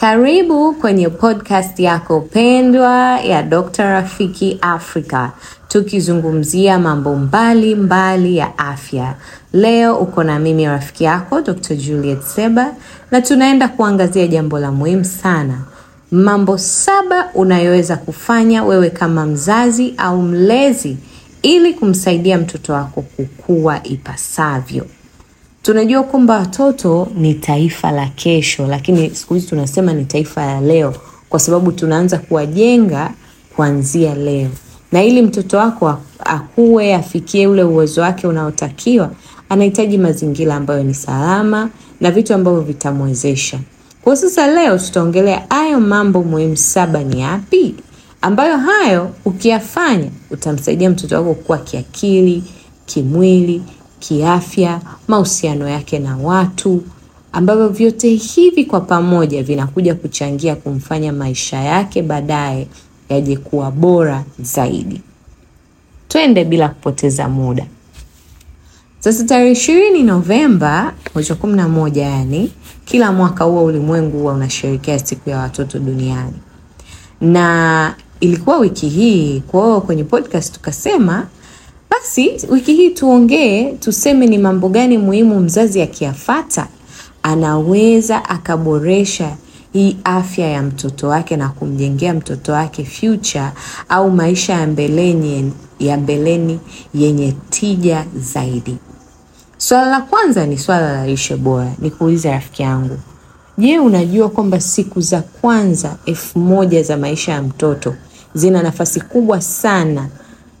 Karibu kwenye podcast yako pendwa ya Dr. Rafiki Africa, tukizungumzia mambo mbali mbali ya afya. Leo uko na mimi rafiki yako Dr. Juliet Seba na tunaenda kuangazia jambo la muhimu sana. Mambo saba unayoweza kufanya wewe kama mzazi au mlezi ili kumsaidia mtoto wako kukua ipasavyo. Tunajua kwamba watoto ni taifa la kesho, lakini siku hizi tunasema ni taifa ya leo, kwa sababu tunaanza kuwajenga kuanzia leo. Na ili mtoto wako akue, afikie ule uwezo wake unaotakiwa, anahitaji mazingira ambayo ni salama na vitu ambavyo vitamwezesha. Kwa sasa leo tutaongelea hayo mambo muhimu saba ni yapi, ambayo hayo ukiyafanya utamsaidia mtoto wako kuwa kiakili, kimwili kiafya, mahusiano yake na watu, ambavyo vyote hivi kwa pamoja vinakuja kuchangia kumfanya maisha yake baadaye yaje kuwa bora zaidi. Twende bila kupoteza muda. Sasa tarehe ishirini Novemba mwezi wa kumi na moja yani, kila mwaka huwa ulimwengu huwa unasherehekea siku ya watoto duniani, na ilikuwa wiki hii. Kwa kwenye podcast tukasema basi wiki hii tuongee, tuseme ni mambo gani muhimu mzazi akiyafata anaweza akaboresha hii afya ya mtoto wake na kumjengea mtoto wake future au maisha ya mbeleni ya mbeleni yenye tija zaidi. Swala la kwanza ni swala la lishe bora. Nikuulize rafiki yangu, je, unajua kwamba siku za kwanza elfu moja za maisha ya mtoto zina nafasi kubwa sana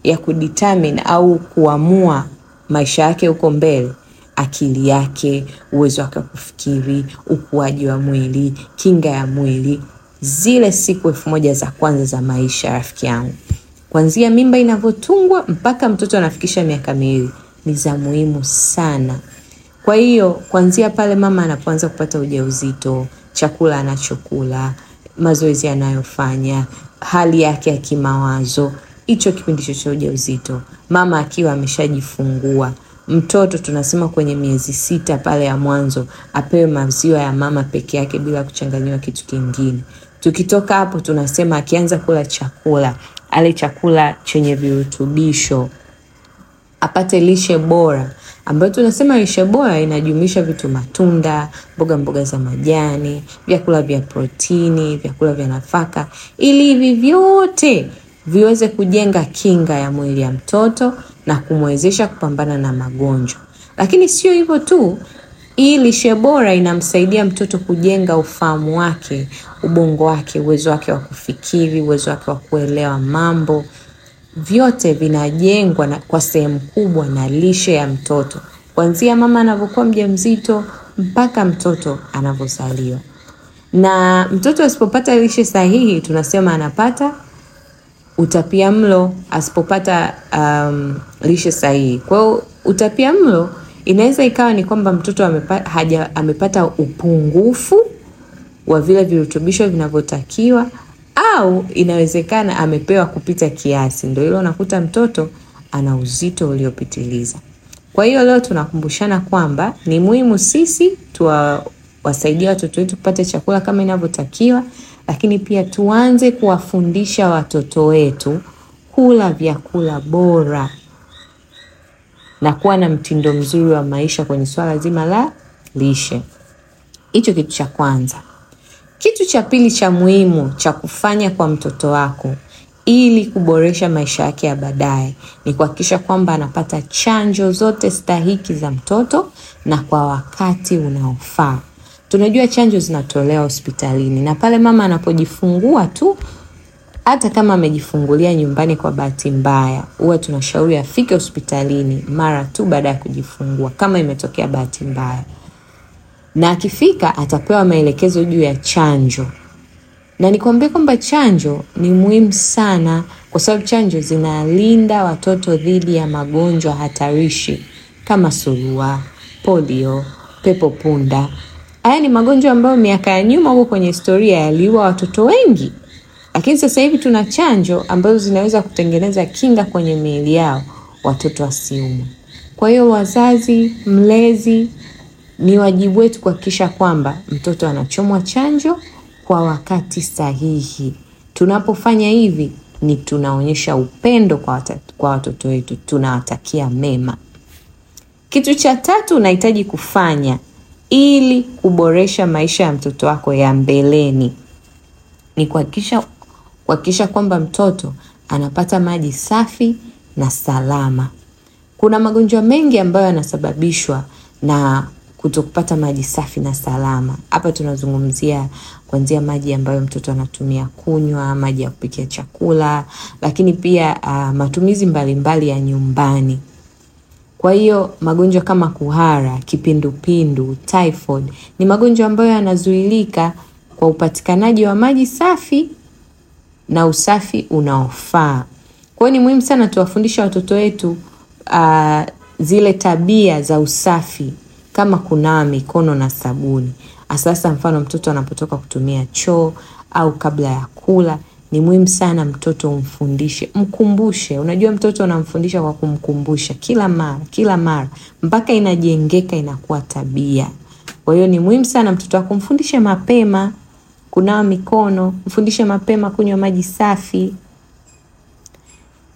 ya kudetermine au kuamua maisha yake huko mbele akili yake, uwezo wake wa kufikiri, ukuaji wa mwili, kinga ya mwili, zile siku elfu moja za kwanza za maisha, rafiki yangu, kuanzia mimba inavyotungwa mpaka mtoto anafikisha miaka miwili ni za muhimu sana. Kwa hiyo kuanzia pale mama anapoanza kupata ujauzito, chakula anachokula, mazoezi anayofanya, hali yake ya kimawazo hicho kipindi chote cha ujauzito, mama akiwa ameshajifungua mtoto tunasema kwenye miezi sita pale ya mwanzo apewe maziwa ya mama peke yake bila kuchanganyiwa kitu kingine. Tukitoka hapo, tunasema akianza kula chakula ale chakula chenye virutubisho, apate lishe bora, ambayo tunasema lishe bora inajumuisha vitu matunda, mboga mboga za majani, vyakula vya protini, vyakula vya nafaka, ili hivi vyote viweze kujenga kinga ya mwili ya mtoto na kumwezesha kupambana na magonjwa. Lakini sio hivyo tu, hii lishe bora inamsaidia mtoto kujenga ufahamu wake, ubongo wake, uwezo wake wa kufikiri, uwezo wake wa kuelewa mambo, vyote vinajengwa na, kwa sehemu kubwa na lishe ya mtoto, kuanzia mama anavyokuwa mjamzito mpaka mtoto anavyozaliwa. Na mtoto asipopata lishe sahihi, tunasema anapata utapia mlo asipopata um, lishe sahihi. Kwa hiyo utapia mlo inaweza ikawa ni kwamba mtoto amepa, haja, amepata upungufu wa vile virutubisho vinavyotakiwa au inawezekana amepewa kupita kiasi, ndio hilo unakuta mtoto ana uzito uliopitiliza. Kwa hiyo leo tunakumbushana kwamba ni muhimu sisi tuwawasaidia watoto wetu kupata chakula kama inavyotakiwa, lakini pia tuanze kuwafundisha watoto wetu kula vyakula bora na kuwa na mtindo mzuri wa maisha kwenye swala zima la lishe. Hicho kitu cha kwanza. Kitu cha pili cha muhimu cha kufanya kwa mtoto wako ili kuboresha maisha yake ya baadaye ni kuhakikisha kwamba anapata chanjo zote stahiki za mtoto na kwa wakati unaofaa. Tunajua chanjo zinatolewa hospitalini na pale mama anapojifungua tu, hata kama amejifungulia nyumbani kwa bahati mbaya, huwa tunashauri afike hospitalini mara tu baada ya kujifungua, kama imetokea bahati mbaya, na akifika atapewa maelekezo juu ya chanjo. Na nikwambie kwamba chanjo ni muhimu sana, kwa sababu chanjo zinalinda watoto dhidi ya magonjwa hatarishi kama surua, polio, pepo punda haya ni magonjwa ambayo miaka ya nyuma huko kwenye historia yaliua watoto wengi, lakini sasa hivi tuna chanjo ambazo zinaweza kutengeneza kinga kwenye miili yao watoto wasiumwe. Kwa hiyo wazazi, mlezi, ni wajibu wetu kuhakikisha kwamba mtoto anachomwa chanjo kwa wakati sahihi. Tunapofanya hivi ni tunaonyesha upendo kwa, wata, kwa watoto wetu tunawatakia mema. Kitu cha tatu unahitaji kufanya ili kuboresha maisha ya mtoto wako ya mbeleni ni kuhakikisha kuhakikisha kwamba mtoto anapata maji safi na salama. Kuna magonjwa mengi ambayo yanasababishwa na kutokupata maji safi na salama. Hapa tunazungumzia kuanzia maji ambayo mtoto anatumia kunywa, maji ya kupikia chakula, lakini pia uh, matumizi mbalimbali mbali ya nyumbani. Kwa hiyo magonjwa kama kuhara, kipindupindu, typhoid ni magonjwa ambayo yanazuilika kwa upatikanaji wa maji safi na usafi unaofaa. Kwa hiyo ni muhimu sana tuwafundishe watoto wetu uh, zile tabia za usafi kama kunawa mikono na sabuni. Sasa mfano mtoto anapotoka kutumia choo au kabla ya kula, ni muhimu sana mtoto umfundishe, mkumbushe. Unajua mtoto unamfundisha kwa kumkumbusha kila mara kila mara mpaka inajengeka, inakuwa tabia. Kwa hiyo ni muhimu sana mtoto akumfundishe mfundishe mapema kunawa mikono, mfundishe mapema kunywa maji safi.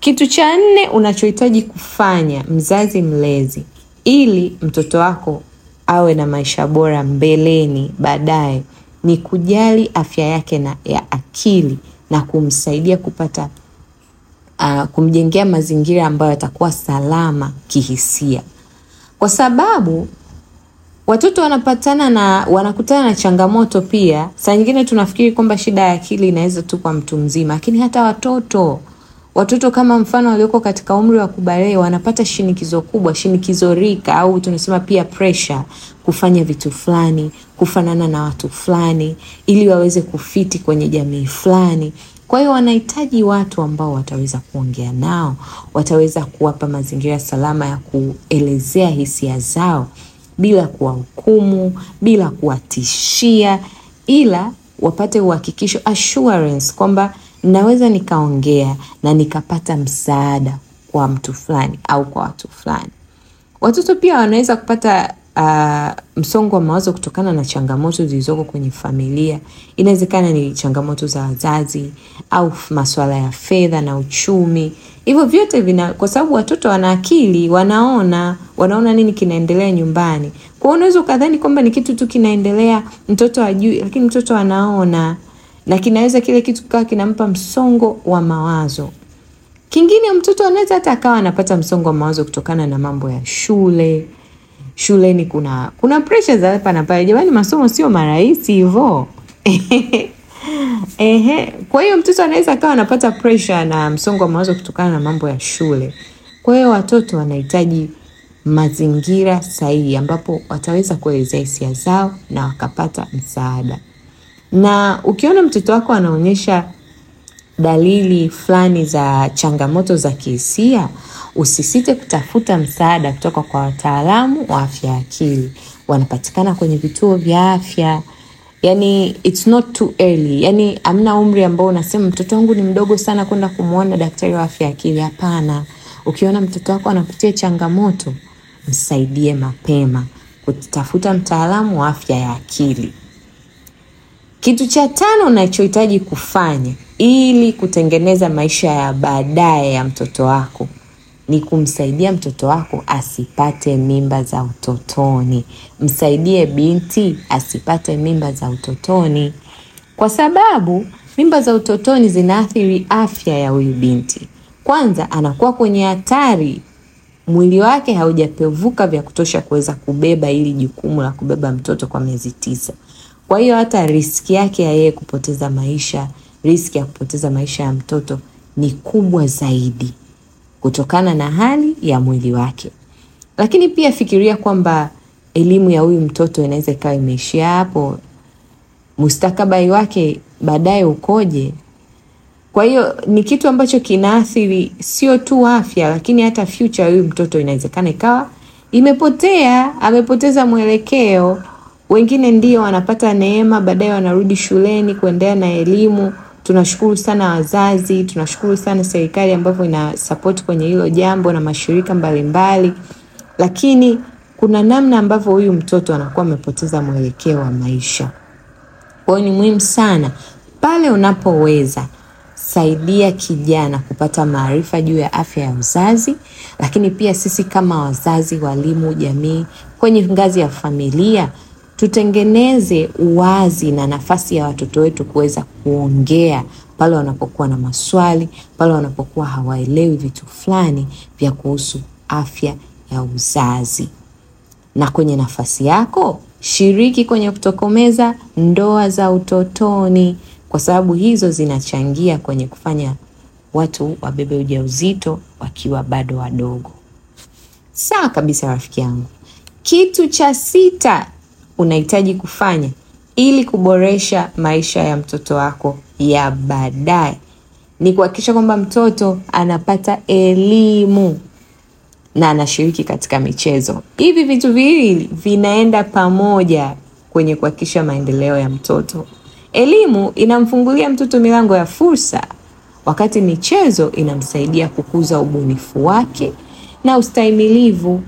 Kitu cha nne unachohitaji kufanya mzazi mlezi, ili mtoto wako awe na maisha bora mbeleni, baadaye, ni kujali afya yake na ya akili na kumsaidia kupata uh, kumjengea mazingira ambayo yatakuwa salama kihisia, kwa sababu watoto wanapatana na wanakutana na changamoto pia. Saa nyingine tunafikiri kwamba shida ya akili inaweza tu kwa mtu mzima, lakini hata watoto watoto kama mfano walioko katika umri wa kubalehe wanapata shinikizo kubwa, shinikizo rika au tunasema pia pressure kufanya vitu fulani, kufanana na watu fulani, ili waweze kufiti kwenye jamii fulani. Kwa hiyo wanahitaji watu ambao wataweza kuongea nao, wataweza kuwapa mazingira salama ya kuelezea hisia zao bila kuwahukumu, bila kuwatishia, ila wapate uhakikisho, assurance kwamba naweza nikaongea na nikapata msaada kwa mtu fulani au kwa watu fulani. Watoto pia wanaweza kupata uh, msongo wa mawazo kutokana na changamoto zilizoko kwenye familia. Inawezekana ni changamoto za wazazi au masuala ya fedha na uchumi. Hivyo vyote vina, kwa sababu watoto wana akili, wanaona wanaona nini kinaendelea nyumbani. Kwa hiyo unaweza ukadhani kwamba ni kitu tu kinaendelea, mtoto ajui, lakini mtoto anaona na kinaweza kile kitu kikawa kinampa msongo wa mawazo. Kingine mtoto anaweza hata akawa anapata msongo wa mawazo kutokana na mambo ya shule shuleni kuna kuna presha za hapa na pale. Jamani, masomo sio marahisi hivo. Ehe, kwa hiyo mtoto anaweza akawa anapata presha na msongo wa mawazo kutokana na mambo ya shule. Kwa hiyo watoto wanahitaji mazingira sahihi ambapo wataweza kuelezea hisia zao na wakapata msaada. Na ukiona mtoto wako anaonyesha dalili fulani za changamoto za kihisia, usisite kutafuta msaada kutoka kwa wataalamu wa afya ya akili. Wanapatikana kwenye vituo vya afya. Yani, it's not too early. Yani amna umri ambao unasema mtoto wangu ni mdogo sana kwenda kumwona daktari wa afya ya akili. Hapana, ukiona mtoto wako anapitia changamoto, msaidie mapema kutafuta mtaalamu wa afya ya akili. Kitu cha tano unachohitaji kufanya ili kutengeneza maisha ya baadaye ya mtoto wako ni kumsaidia mtoto wako asipate mimba za utotoni. Msaidie binti asipate mimba za utotoni, kwa sababu mimba za utotoni zinaathiri afya ya huyu binti. Kwanza anakuwa kwenye hatari, mwili wake haujapevuka vya kutosha kuweza kubeba ili jukumu la kubeba mtoto kwa miezi tisa. Kwa hiyo hata riski yake ya yeye kupoteza maisha, riski ya kupoteza maisha ya mtoto ni kubwa zaidi kutokana na hali ya mwili wake. Lakini pia fikiria kwamba elimu ya huyu mtoto inaweza ikawa imeishia hapo, mustakabali wake baadaye ukoje? Kwa hiyo ni kitu ambacho kinaathiri sio tu afya, lakini hata future ya huyu mtoto inawezekana ikawa imepotea, amepoteza mwelekeo. Wengine ndio wanapata neema, baadaye wanarudi shuleni kuendelea na elimu. Tunashukuru sana wazazi, tunashukuru sana serikali ambavyo ina support kwenye hilo jambo na mashirika mbalimbali mbali. Lakini kuna namna ambavyo huyu mtoto anakuwa amepoteza mwelekeo wa maisha. Kwa hiyo ni muhimu sana pale unapoweza saidia kijana kupata maarifa juu ya afya ya uzazi, lakini pia sisi kama wazazi, walimu, jamii, kwenye ngazi ya familia tutengeneze uwazi na nafasi ya watoto wetu kuweza kuongea pale wanapokuwa na maswali, pale wanapokuwa hawaelewi vitu fulani vya kuhusu afya ya uzazi. Na kwenye nafasi yako, shiriki kwenye kutokomeza ndoa za utotoni, kwa sababu hizo zinachangia kwenye kufanya watu wabebe ujauzito wakiwa bado wadogo. Sawa kabisa, rafiki yangu. Kitu cha sita unahitaji kufanya ili kuboresha maisha ya mtoto wako ya baadaye ni kuhakikisha kwamba mtoto anapata elimu na anashiriki katika michezo. Hivi vitu viwili vinaenda pamoja kwenye kuhakikisha maendeleo ya mtoto. Elimu inamfungulia mtoto milango ya fursa, wakati michezo inamsaidia kukuza ubunifu wake na ustahimilivu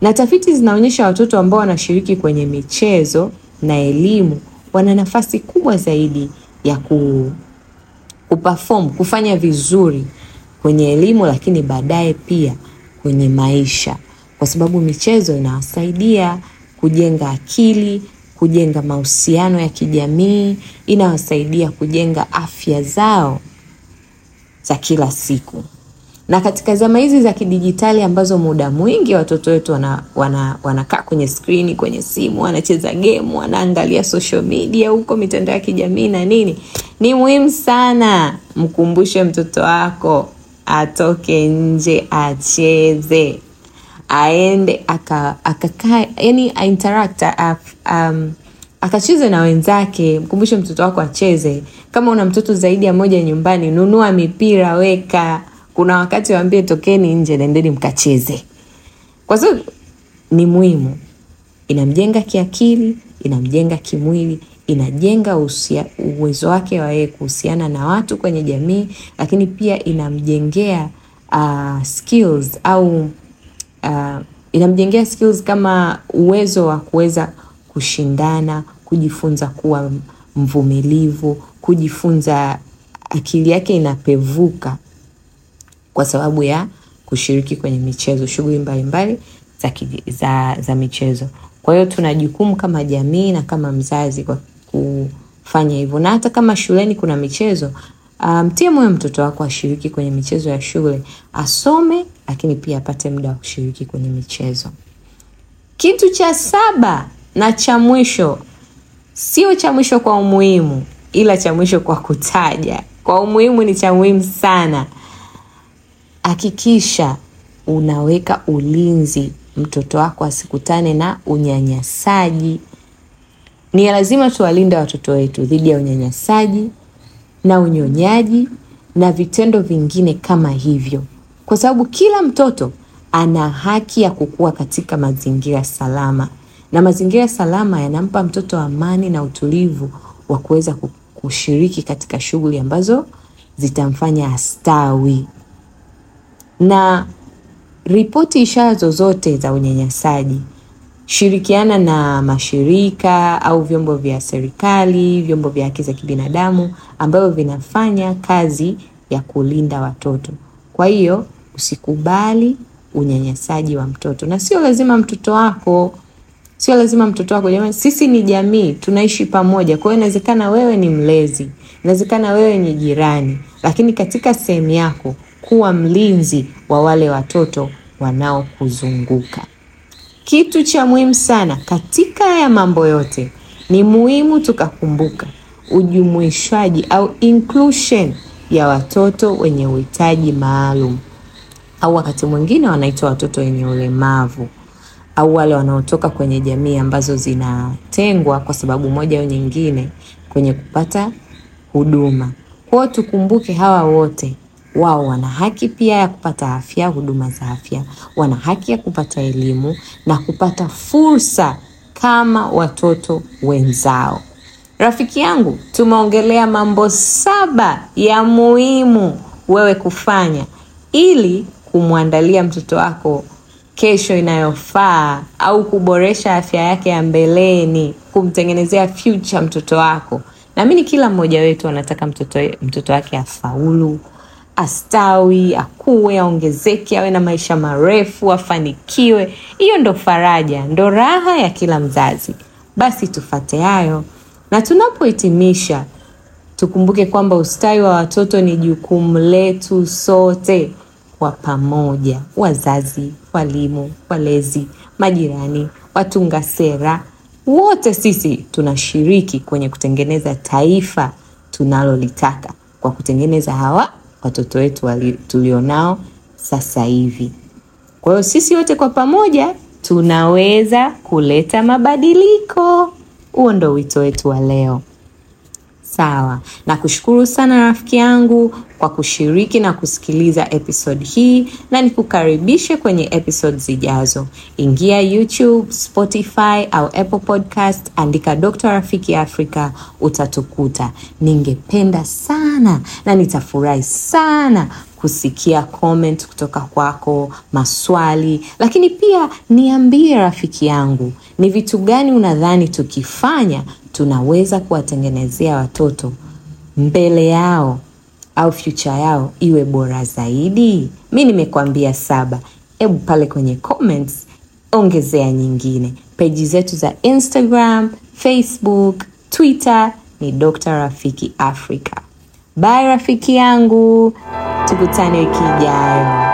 na tafiti zinaonyesha watoto ambao wanashiriki kwenye michezo na elimu wana nafasi kubwa zaidi ya ku kuperform kufanya vizuri kwenye elimu, lakini baadaye pia kwenye maisha, kwa sababu michezo inawasaidia kujenga akili, kujenga mahusiano ya kijamii, inawasaidia kujenga afya zao za kila siku na katika zama hizi za kidijitali ambazo muda mwingi watoto wetu wanakaa wana, wana kwenye skrini, kwenye simu, wanacheza gemu, wanaangalia social media huko mitandao ya kijamii na nini, ni muhimu sana mkumbushe mtoto wako atoke nje, acheze, aende akakaa, yani ainteract um, akacheze na wenzake. Mkumbushe mtoto wako acheze. Kama una mtoto zaidi ya moja nyumbani, nunua mipira, weka kuna wakati waambie tokeni nje, nendeni mkacheze, kwa sababu ni muhimu. Inamjenga kiakili, inamjenga kimwili, inajenga usia, uwezo wake wa yeye kuhusiana na watu kwenye jamii, lakini pia inamjengea uh, skills au uh, inamjengea skills kama uwezo wa kuweza kushindana, kujifunza kuwa mvumilivu, kujifunza akili yake inapevuka kwa sababu ya kushiriki kwenye michezo, shughuli mbalimbali za, za, za michezo. Kwa hiyo tuna jukumu kama jamii na kama mzazi kwa kufanya hivyo, na hata kama shuleni kuna michezo mtie um, moyo mtoto wako ashiriki kwenye michezo ya shule, asome lakini pia apate muda wa kushiriki kwenye michezo. Kitu cha saba na cha mwisho, sio cha mwisho kwa umuhimu, ila cha mwisho kwa kutaja. Kwa umuhimu ni cha muhimu sana hakikisha unaweka ulinzi mtoto wako asikutane na unyanyasaji. Ni lazima tuwalinde watoto wetu dhidi ya unyanyasaji na unyonyaji na vitendo vingine kama hivyo, kwa sababu kila mtoto ana haki ya kukua katika mazingira salama, na mazingira salama yanampa mtoto amani na utulivu wa kuweza kushiriki katika shughuli ambazo zitamfanya astawi na ripoti ishara zozote za unyanyasaji. Shirikiana na mashirika au vyombo vya serikali, vyombo vya haki za kibinadamu ambavyo vinafanya kazi ya kulinda watoto. Kwa hiyo usikubali unyanyasaji wa mtoto, na sio lazima mtoto wako, sio lazima mtoto wako. Jamani, sisi ni jamii, tunaishi pamoja. Kwa hiyo inawezekana wewe ni mlezi, inawezekana wewe ni jirani, lakini katika sehemu yako kuwa mlinzi wa wale watoto wanaokuzunguka. Kitu cha muhimu sana katika haya mambo yote, ni muhimu tukakumbuka ujumuishwaji au inclusion ya watoto wenye uhitaji maalum, au wakati mwingine wanaitwa watoto wenye ulemavu au wale wanaotoka kwenye jamii ambazo zinatengwa kwa sababu moja au nyingine kwenye kupata huduma. Kwao tukumbuke hawa wote wao wana haki pia ya kupata afya, huduma za afya, wana haki ya kupata elimu na kupata fursa kama watoto wenzao. Rafiki yangu, tumeongelea mambo saba ya muhimu wewe kufanya ili kumwandalia mtoto wako kesho inayofaa au kuboresha afya yake ya mbeleni, kumtengenezea future mtoto wako. Naamini kila mmoja wetu anataka mtoto, mtoto wake afaulu astawi, akue, aongezeke, awe na maisha marefu, afanikiwe. Hiyo ndo faraja, ndo raha ya kila mzazi. Basi tufate hayo, na tunapohitimisha tukumbuke kwamba ustawi wa watoto ni jukumu letu sote kwa pamoja: wazazi, walimu, walezi, majirani, watunga sera, wote sisi tunashiriki kwenye kutengeneza taifa tunalolitaka kwa kutengeneza hawa watoto wetu tulionao sasa hivi. Kwa hiyo sisi wote kwa pamoja tunaweza kuleta mabadiliko. Huo ndo wito wetu wa leo sawa. Nakushukuru sana rafiki yangu kwa kushiriki na kusikiliza episode hii, na nikukaribishe kwenye episode zijazo. Ingia YouTube, Spotify au Apple Podcast, andika Dr. Rafiki Africa utatukuta. Ningependa sana na nitafurahi sana kusikia comment kutoka kwako, maswali, lakini pia niambie rafiki yangu, ni vitu gani unadhani tukifanya tunaweza kuwatengenezea watoto mbele yao au future yao iwe bora zaidi. Mi nimekwambia saba, hebu pale kwenye comments ongezea nyingine. Peji zetu za Instagram, Facebook, Twitter ni Dr. Rafiki Africa. Bye rafiki yangu. tukutane kijayo.